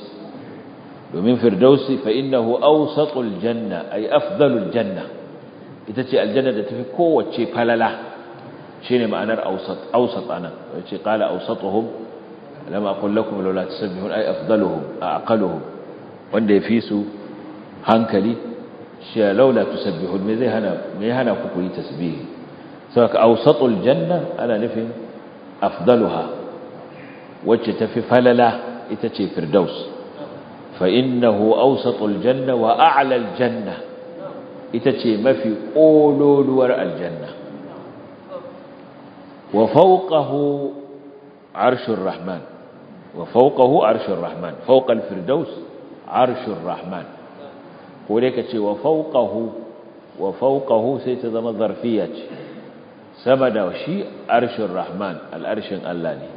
domin firdausi fa innahu awsatul janna ay afdalul janna ita ce aljanna da tafi kowace falala shine ma'anar awsat awsat anan yace qala awsatuhum lam aqul lakum laula tasabbihun ay afdaluhum aqaluhum wanda yafi su hankali shi laula tusabbihun me zai hana me hana ku ku yi tasbihi saboda awsatul janna ana nufin afdaluha wacce tafi falala ita ce firdaus fa innahu awsatul janna wa a'la aljanna ita ce mafi kololuwar aljanna wa fawqahu arshur rahman wa fawqahu arshur rahman fawqa alfirdaus arshur rahman ko dai ka ce wa fawqahu wa fawqahu sai ta zama zarfiya ce Sama saboda shi arshin rahman al'arshin Allah ne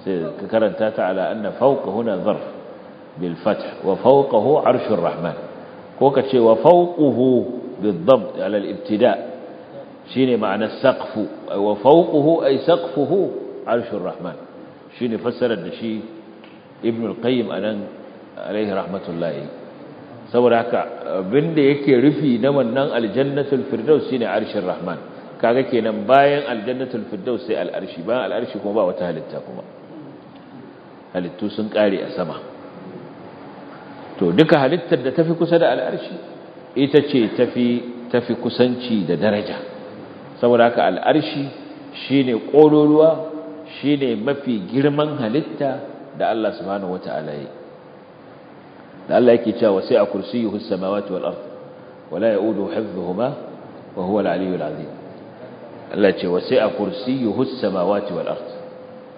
sai ka karanta ta ala anna fawqa huna zarf bil fath wa fawqahu arshur rahman ko ka ce wa fawquhu bil dhamm ala al ibtida shine ma'anar saƙfu wa fawquhu ay saqfuhu arshur rahman shine fassarar da shi ibn al qayyim nan alaihi rahmatullahi saboda haka abinda yake rufi na wannan aljannatul firdaus shine arshur rahman kaga kenan bayan aljannatul firdaus sai al'arshi bayan al'arshi kuma ba wata halitta kuma halittu sun kare a sama to duka halittar da tafi kusa da al'arshi ita ce tafi tafi kusanci da daraja saboda haka al'arshi shine ƙololuwa shine mafi girman halitta da Allah subhanahu wata'ala yi da Allah yake cewa sai a kursiyuhu samawati wal ard wala yaudu hifdhuhuma wa huwa al-aliyyul azim Allah ce wa sai a kursiyuhu samawati wal ard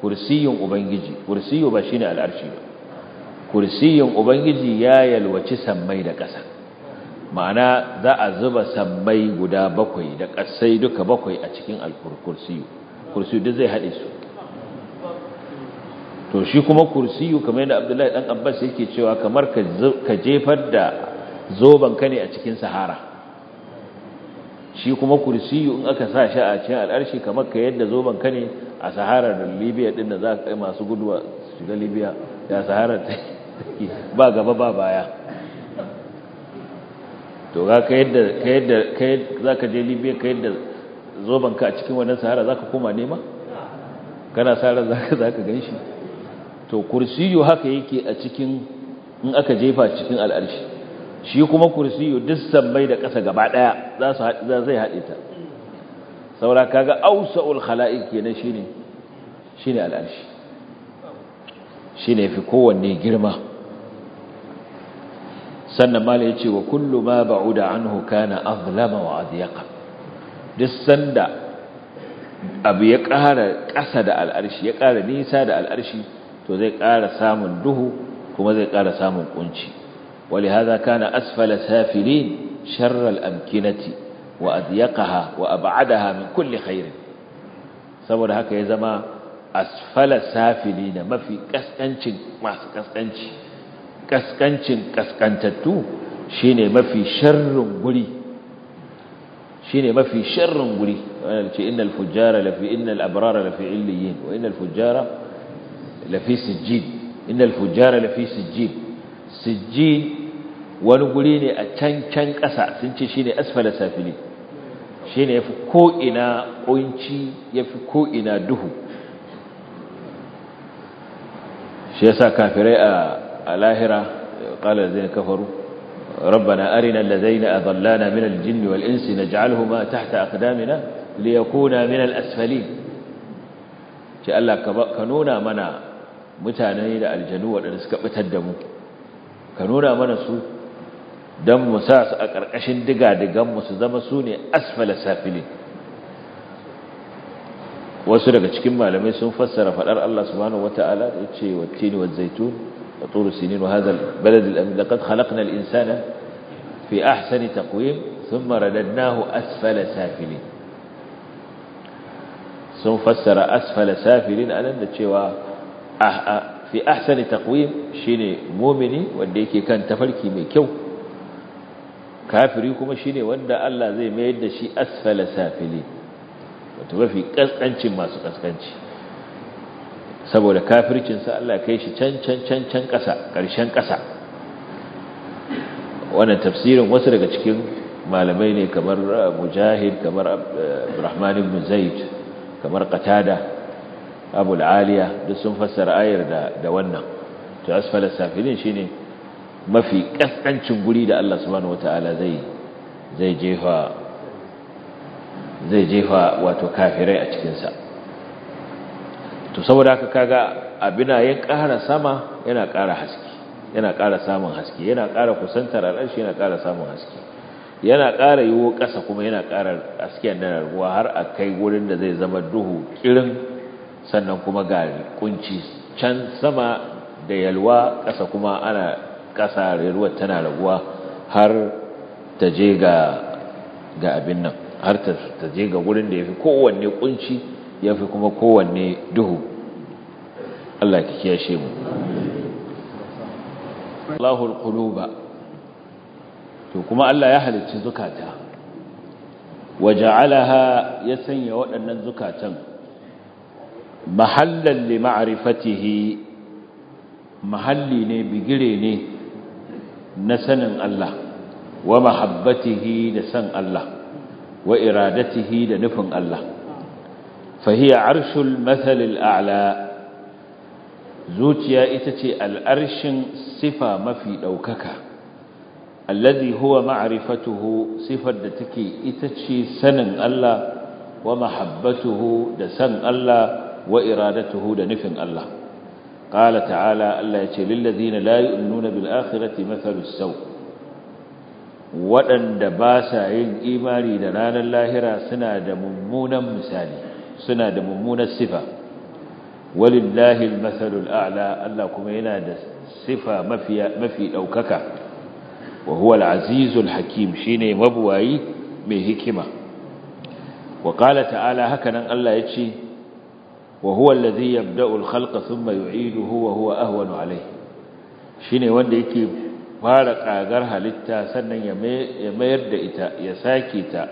kursiyun ubangiji kursiyu ba shine al'arshi ba kursiyun ubangiji ya yalwaci sammai da ƙasa ma'ana za a zuba sammai guda bakwai da ƙasai duka bakwai a cikin al-kursiyu kursiyu duk zai haɗe su to shi kuma kursiyu kamar yadda Abdullahi dan Abbas yake cewa kamar ka jefar da zoban ka ne a cikin sahara shi kuma kursiyu in aka sa shi a cikin al'arshi kamar ka yadda zoben ka ne a saharar da libya din da za ka kai masu guduwa su ga libya da saharar ta ba gaba ba baya to ga ka yadda ka yadda ka za ka je libya ka yadda zoben ka a cikin wannan sahara za ka koma nema kana saharar za ka za ka gan shi to kursiyu haka yake a cikin in aka jefa cikin al'arshi shi kuma kursiyu duk sabbai da ƙasa gaba ɗaya za su haɗe zai haɗe ta saura kaga ausa'ul khala'iq kenan shine shine al'arshi shine fi kowanne girma sannan mala yace wa kullu ma ba'uda anhu kana azlama wa adyaqa duk sanda abu ya ƙara ƙasa da al'arshi ya ƙara nisa da al'arshi to zai ƙara samun duhu kuma zai ƙara samun kunci ولهذا كان أسفل سافلين شر الأمكنة وأضيقها وأبعدها من كل خير سبب هكا يا يزما أسفل سافلين ما في كسكنشن ما في كسكنش كسكنشن كسكنتتو شيني ما في شر بري شيني ما في شر بري إن الفجار لفي إن الأبرار لفي عليين وإن الفجار لفي سجين إن الفجار لفي سجين سجين wani guri ne a can can ƙasa sun ce shi ne asfala safili shi ne ya fi ko'ina ƙunci ya fi ko'ina duhu shi ya sa kafirai a lahira. ƙala zai na kafaru rabbana arina da zai na azalla na minal jini wal insi na ji'alhu ma ta ta akadamina liyakuna minal asfali ce Allah ka nuna mana mutane da aljanu waɗanda suka fitar da mu ka nuna mana su don mu sa su a ƙarƙashin diga-diganmu su zama su ne asfala safilin wasu daga cikin malamai sun fassara faɗar Allah subhanahu wata'ala da ya ce wattini wa zaitun da turu sinin wa hazal baladil amin da khalaqna al-insana fi ahsani taqwim thumma radadnahu asfala safilin sun fassara asfala a nan da cewa ah, ah, fi ahsani taqwim shine mu'mini wanda yake kan tafarki mai kyau kafiri kuma shine wanda Allah zai mayar da shi asfala safili wato mafi kaskancin masu kaskanci saboda kafircinsa Allah kai shi can can can can ƙasa karshen ƙasa wannan tafsirin wasu daga cikin malamai ne kamar mujahid kamar abdurrahman ibn zaid kamar qatada abu aliya duk sun fassara ayar da da wannan to asfala safilin shine mafi kaskancin guri da Allah subhanahu wataala zai jefa zai jefa wato kafirai a cikinsa to saboda haka kaga abina ya ƙara sama yana ƙara haske yana ƙara samun haske yana ƙara kusantar al'arshi yana ƙara samun haske yana ƙara yiwo ƙasa kuma yana ƙara a nan ruwa har a kai wurin da zai zama duhu kirin sannan kuma ga kunci can sama da yalwa ƙasa kuma ana ƙasa ruwan tana raguwa har ta je ga ga abin nan har ta je ga wurin da ya fi kowanne kunci fi kuma kowanne duhu Allah ki kiyashe mu Allahul quluba to kuma Allah ya halicci zukata waja'alaha ya sanya waɗannan zukatan mahallan li ma'rifatihi mahalli ne bigire ne na sanin Allah wa mahabbatihi da san Allah wa iradatihi da nufin Allah fahiya arshul mathalil a'la zuciya ita ce al'arshin sifa mafi ɗaukaka alladhi huwa ma'rifatuhu sifar da take ita ce sanin Allah wa mahabbatuhu da san Allah wa iradatuhu da nufin Allah qala ta'ala Allah ya ce lil ladina la yu'minuna bil akhirati mathalu saw waɗanda ba sa yin imani da ranar lahira suna da mummunan misali suna da mummunan sifa walillahi al ala Allah kuma yana da sifa mafi ɗaukaka. daukaka wa huwa hakim shine mabuwayi mai hikima Waƙala ta'ala hakanan Allah ya ce wa huwa allazi yabda'u al-khalqa thumma yu'iduhu wa shine wanda yake fara kagar halitta sannan ya mayar da ita ya sake ta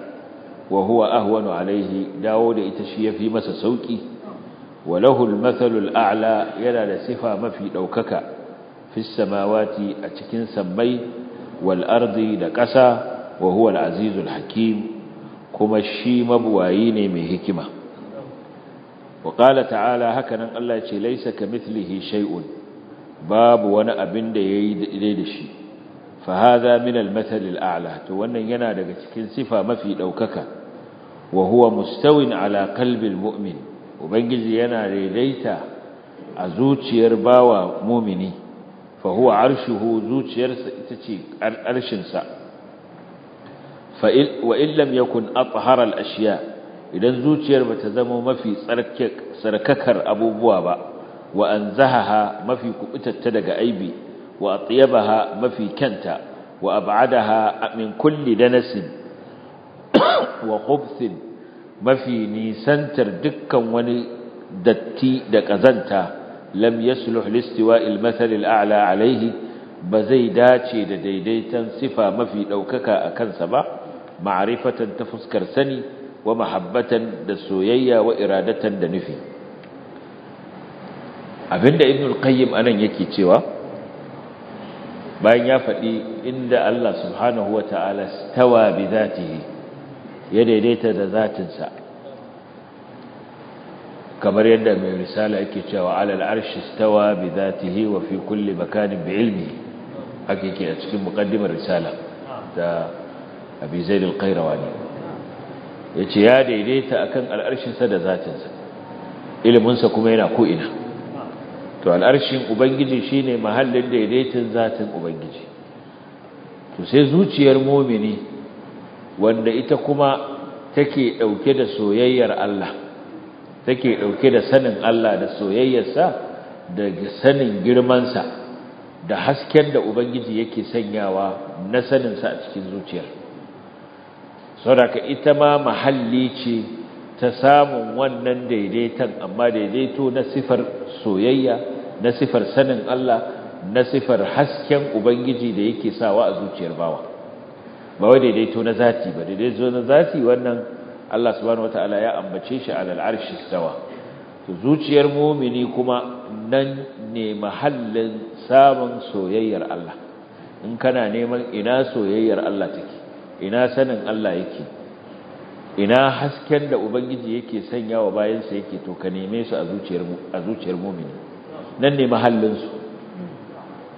wa huwa ahwanu alayhi dawo da ita shi yafi masa sauki wa lahu ala yana da sifa mafi daukaka fi samawati a cikin sammai wal ardi da ƙasa wa huwa al-azizul hakim kuma shi mabuwayi ne mai hikima wa ƙala ta'ala hakanan Allah ce laisa ka mithlihi shay'un babu wani abin da yayi dai da shi fa hadha ala to wannan yana daga cikin sifa mafi daukaka wa huwa mustawin ala qalbi mumin ubangiji yana daidaita a zuciyar bawa mu'mini fa huwa arshuhu zuciyarsa ita ce arshinsa fa wa in lam yakun athhara al-ashiya' idan zuciyar ba ta zama mafi tsarkakar abubuwa ba wa an mafi kuɓutatta daga aibi wa a mafi kyanta wa abadaha min kulli danasin wa hubsin mafi nisantar dukkan wani datti da ƙazanta lam yasluh listiwa ilmathal a'la alaihi ba zai dace da daidaiton sifa mafi ɗaukaka a kansa ba ma'arifatan ta fuskar sani wa mahabbatan da soyayya wa iradatan da nufi abinda ibnul qayyim anan yake cewa bayan ya faɗi inda Allah subhanahu wa ta'ala stawa bi zatihi ya daidaita da zatinsa kamar yadda mai risala yake cewa alal arshi stawa bi zatihi wa fi kulli makanin bi ilmi hakiki a cikin muqaddimar risala da abi zaid al-qayrawani ya ce ya daidaita a kan al'arshinsa da zatinsa iliminsa kuma yana ko'ina to al'arshin ubangiji shi ne mahallin daidaitin zatin ubangiji to sai zuciyar momini wanda ita kuma take ɗauke da soyayyar Allah take ɗauke da sanin Allah da soyayyarsa da sanin girmansa da hasken da ubangiji yake sanyawa na saninsa a cikin zuciyar saboda ka ita ma mahalli ce ta samun wannan daidaiton amma daidaito na sifar soyayya na sifar sanin Allah na sifar hasken ubangiji da yake sawa a zuciyar bawa ba wai daidaito na zati ba daidaito na zati wannan Allah subhanahu wataala ya ambace shi a arshi sawa to zuciyar mumini kuma nan ne mahallin samun soyayyar Allah in kana neman ina soyayyar Allah take ina sanin Allah yake ina hasken da ubangiji yake sanya wa bayansa yake to ka neme su a zuciyar a zuciyar mu'mini nan ne mahallin su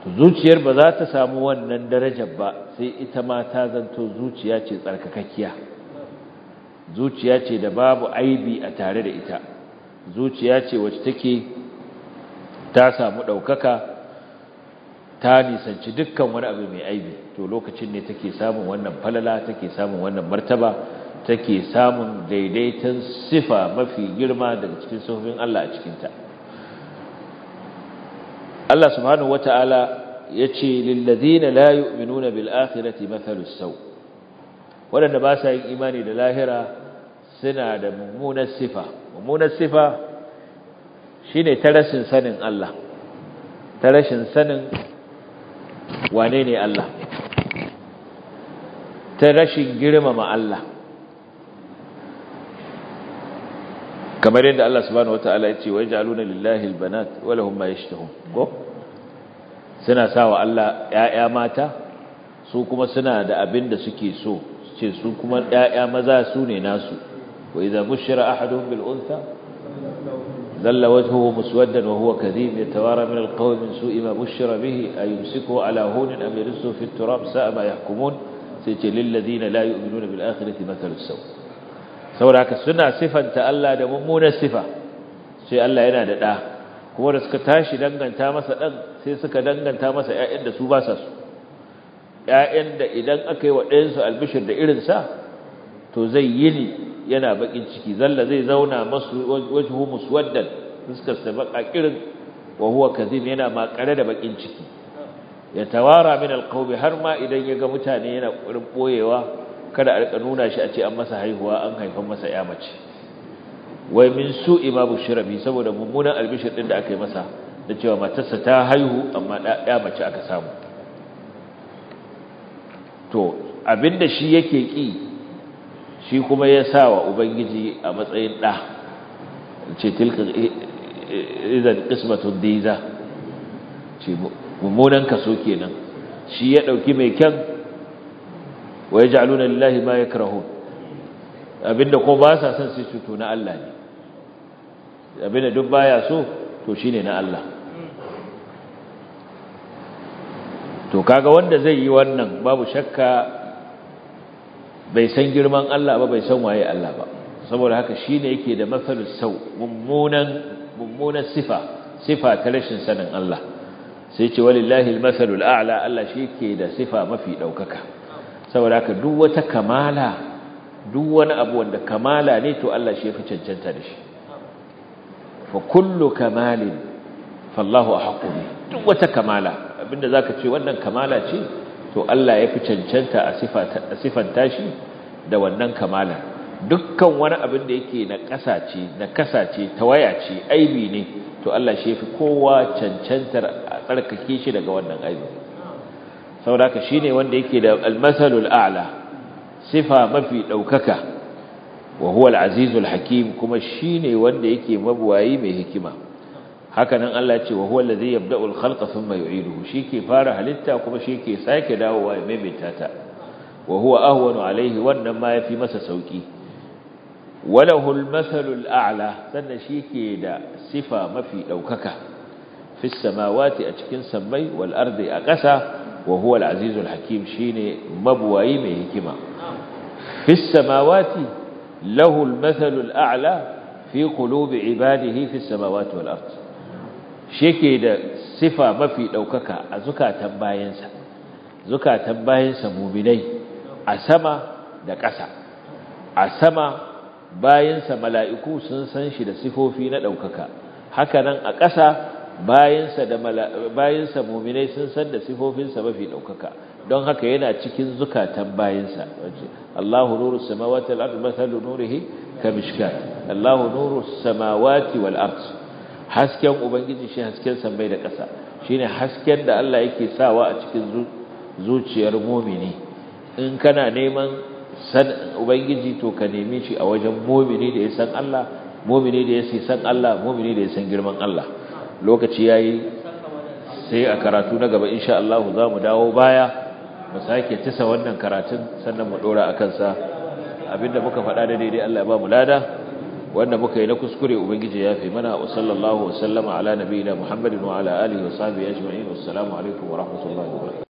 to zuciyar ba za ta samu wannan darajar ba sai ita ma ta zanto zuciya ce tsarkakakkiya zuciya ce da babu aibi a tare da ita zuciya ce wacce take ta samu ɗaukaka ta nisanci dukkan wani abu mai aibi to lokacin ne take samun wannan falala take samun wannan martaba take samun daidaiton sifa mafi girma daga cikin sufin Allah a cikinta Allah subhanahu wata'ala ya ce lillazina la yu'minuna bil akhirati mathalus sau Wadanda ba sa yin imani da lahira suna da mummunar sifa mummunar sifa shine ta rashin sanin Allah ta rashin sanin wane ne Allah ta rashin girmama Allah kamar yadda Allah subhanahu wataala ya ce waj'aluna lillahi albanat wa lahum ma yashtahun ko suna sawa Allah ƴaƴa mata su kuma suna da abin da suke so ce su kuma ƴaƴa maza su ne nasu wa idza bushira ahadun bil untha ذل وجهه مسودا وهو كذيب يتوارى من القوم من سوء ما بشر به أيمسكه على هون أم يرسه في التراب ساء ما يحكمون سيجي للذين لا يؤمنون بالآخرة مثل السوء saboda haka suna sifanta Allah da mummunan sifa sai Allah yana da ɗa kuma da suka tashi danganta masa ɗan sai suka danganta masa ‘ya'yan da su ba su ‘ya'yan da idan aka yi wa ɗayansu albishir da irinsa to zai yini yana bakin ciki zalla zai zauna masu wajhu muswaddan fuskar sa baka kirin wa huwa kadhib yana makare da bakin ciki ya tawara min alqawmi har ma idan ya ga mutane yana kurin boyewa kada a rika nuna shi a ce an masa haihuwa an haifan masa ya mace wai min su'i ma shirabi saboda mummunan albishir din da aka yi masa da cewa matarsa ta haihu amma ya mace aka samu to abinda shi yake ki shi kuma ya sa wa ubangiji a matsayin ɗa ce tilka idan ƙismatun diza ce mummunan kaso kenan shi ya ɗauki mai kyan wa ya ja'aluna lillahi ma ya abinda ko ba sa son sai cuto na Allah ne abinda duk baya so to shi ne na Allah to kaga wanda zai yi wannan babu shakka bai san girman Allah ba bai san waye Allah ba saboda haka shine yake da matsalus sau mummunan mummunan sifa sifa ta rashin sanin Allah sai ce walillahi almasalul a'la Allah ke da sifa mafi daukaka saboda haka duk wata kamala duk wani abu wanda kamala ne to Allah shi yafi cancanta da shi fa kullu kamalin fallahu ahqqu duk wata kamala abinda zaka ce wannan kamala ce to Allah ya fi cancanta a sifan tashi? da wannan kamala dukkan wani abin da yake na ƙasa ce na kasa ce tawaya ce aibi ne to Allah shi fi kowa cancantar a tsarkake shi daga wannan aibi saboda shi shine wanda yake da almasalul a'la sifa mafi ɗaukaka wa huwa al-azizul hakim kuma shine wanda yake mabuwayi mai hikima hakanan Allah ce wa huwa allazi yabda'u al-khalqa thumma yu'iduhu ke fara halitta kuma shi ke sake dawowa ya maimaita ta wa huwa ahwanu alaihi wannan ma yafi masa sauki walahu al-mathalu al-a'la sannan shike da sifa mafi daukaka fi samawati a cikin sammai wal ardi a ƙasa wa huwa al-azizul hakim shine mabuwayi mai hikima fi samawati lahu al-mathalu al-a'la fi qulubi ibadihi fi samawati wal ardi shi yake da sifa mafi ɗaukaka a zukatan bayansa zukatan bayansa muminai a sama da ƙasa a sama bayansa mala'iku sun san shi da sifofi na ɗaukaka haka nan a ƙasa bayansa da bayansa muminai sun san da sifofinsa mafi ɗaukaka don haka yana cikin zukatan bayansa Allahu nuru samawati wal ardi mathalu nurihi kamishkat Allahu nuru samawati wal ardi hasken ubangiji shi hasken sammai da ƙasa shine hasken da Allah yake sawa a cikin zuciyar mumini in kana neman san ubangiji to ka nemi shi a wajen mumini da ya san Allah mumini da ya san Allah mumini da ya san girman Allah lokaci yayi sai a karatu na gaba insha Allah za mu dawo baya mu sake tisa wannan karatun sannan mu dora akan sa abinda muka faɗa da daidai Allah ya ba mu lada wanda muka yi na kuskure ubangiji ya fi mana wa sallallahu wa sallama ala nabiyina muhammadin wa ala alihi wa sahbihi ajma'in wassalamu alaikum wa rahmatullahi wa barakatuh